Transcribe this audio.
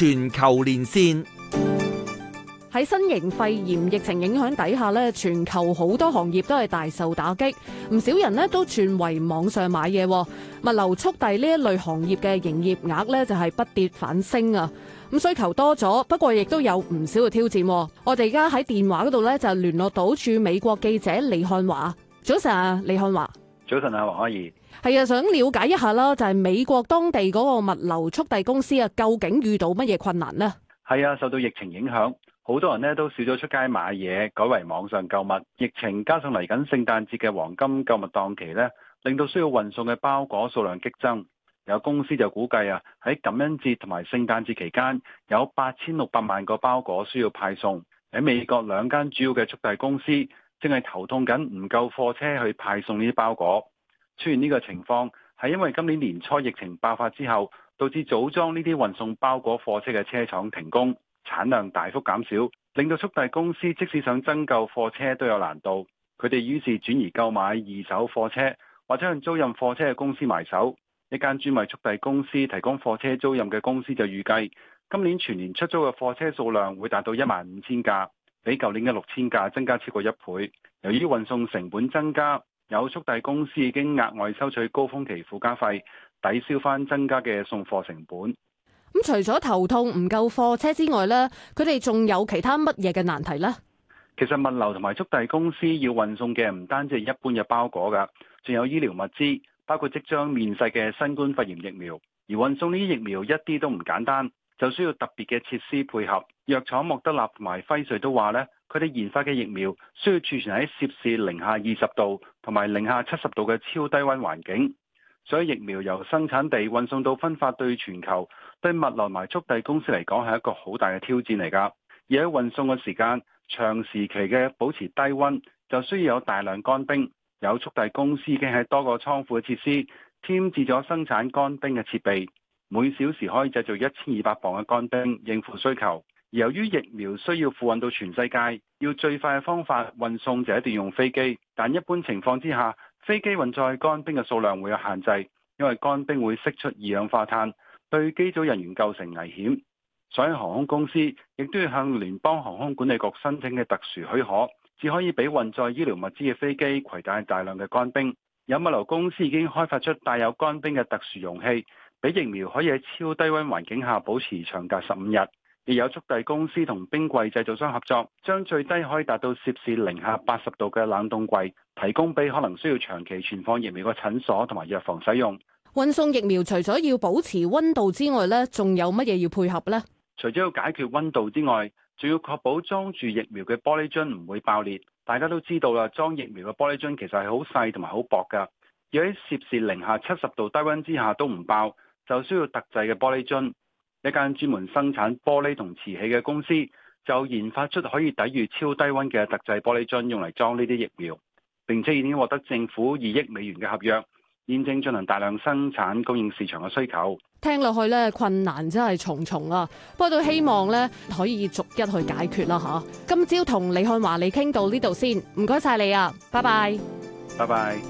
全球連線，喺新型肺炎疫情影響底下咧，全球好多行業都係大受打擊，唔少人咧都轉為網上買嘢，物流速遞呢一類行業嘅營業額咧就係不跌反升啊。咁需求多咗，不過亦都有唔少嘅挑戰。我哋而家喺電話嗰度咧就聯絡到駐美國記者李漢華，早晨啊，李漢華。早晨啊，黃凱宜係啊，想了解一下啦，就係、是、美國當地嗰個物流速遞公司啊，究竟遇到乜嘢困難呢？係啊，受到疫情影響，好多人呢都少咗出街買嘢，改為網上購物。疫情加上嚟緊聖誕節嘅黃金購物檔期呢，令到需要運送嘅包裹數量激增。有公司就估計啊，喺感恩節同埋聖誕節期間，有八千六百萬個包裹需要派送。喺美國兩間主要嘅速遞公司，正係頭痛緊，唔夠貨車去派送呢啲包裹。出現呢個情況係因為今年年初疫情爆發之後，導致組裝呢啲運送包裹貨車嘅車廠停工，產量大幅減少，令到速遞公司即使想增購貨車都有難度。佢哋於是轉而購買二手貨車，或者向租賃貨車嘅公司埋手。一間專賣速遞公司提供貨車租賃嘅公司就預計，今年全年出租嘅貨車數量會達到一萬五千架。比舊年嘅六千架增加超過一倍，由於運送成本增加，有速遞公司已經額外收取高峰期附加費，抵消翻增加嘅送貨成本。除咗頭痛唔夠貨車之外呢，佢哋仲有其他乜嘢嘅難題呢？其實物流同埋速遞公司要運送嘅唔單止係一般嘅包裹㗎，仲有醫療物資，包括即將面世嘅新冠肺炎疫苗。而運送呢啲疫苗一啲都唔簡單，就需要特別嘅設施配合。藥廠莫德納同埋輝瑞都話呢，佢哋研發嘅疫苗需要儲存喺攝氏零下二十度同埋零下七十度嘅超低溫環境，所以疫苗由生產地運送到分發，對全球對物流埋速遞公司嚟講係一個好大嘅挑戰嚟㗎。而喺運送嘅時間長時期嘅保持低溫，就需要有大量乾冰。有速遞公司已經喺多個倉庫嘅設施添置咗生產乾冰嘅設備，每小時可以製造一千二百磅嘅乾冰應付需求。由於疫苗需要付運到全世界，要最快嘅方法運送就一定要用飛機。但一般情況之下，飛機運載乾冰嘅數量會有限制，因為乾冰會釋出二氧化碳，對機組人員構成危險。所以航空公司亦都要向聯邦航空管理局申請嘅特殊許可，只可以俾運載醫療物資嘅飛機攜帶大量嘅乾冰。有物流公司已經開發出帶有乾冰嘅特殊容器，俾疫苗可以喺超低温環境下保持長達十五日。而有速遞公司同冰櫃製造商合作，將最低可以達到攝氏零下八十度嘅冷凍櫃提供俾可能需要長期存放疫苗嘅診所同埋藥房使用。運送疫苗除咗要保持溫度之外，咧仲有乜嘢要配合呢？除咗要解決溫度之外，仲要確保裝住疫苗嘅玻璃樽唔會爆裂。大家都知道啦，裝疫苗嘅玻璃樽其實係好細同埋好薄㗎，要喺攝氏零下七十度低溫之下都唔爆，就需要特製嘅玻璃樽。一間專門生產玻璃同瓷器嘅公司，就研發出可以抵御超低温嘅特製玻璃樽，用嚟裝呢啲疫苗，並且已經獲得政府二億美元嘅合約，現正進行大量生產供應市場嘅需求。聽落去咧，困難真係重重啊！不過都希望咧可以逐一去解決啦，吓。今朝同李漢華你傾到呢度先，唔該晒你啊，拜拜，拜拜。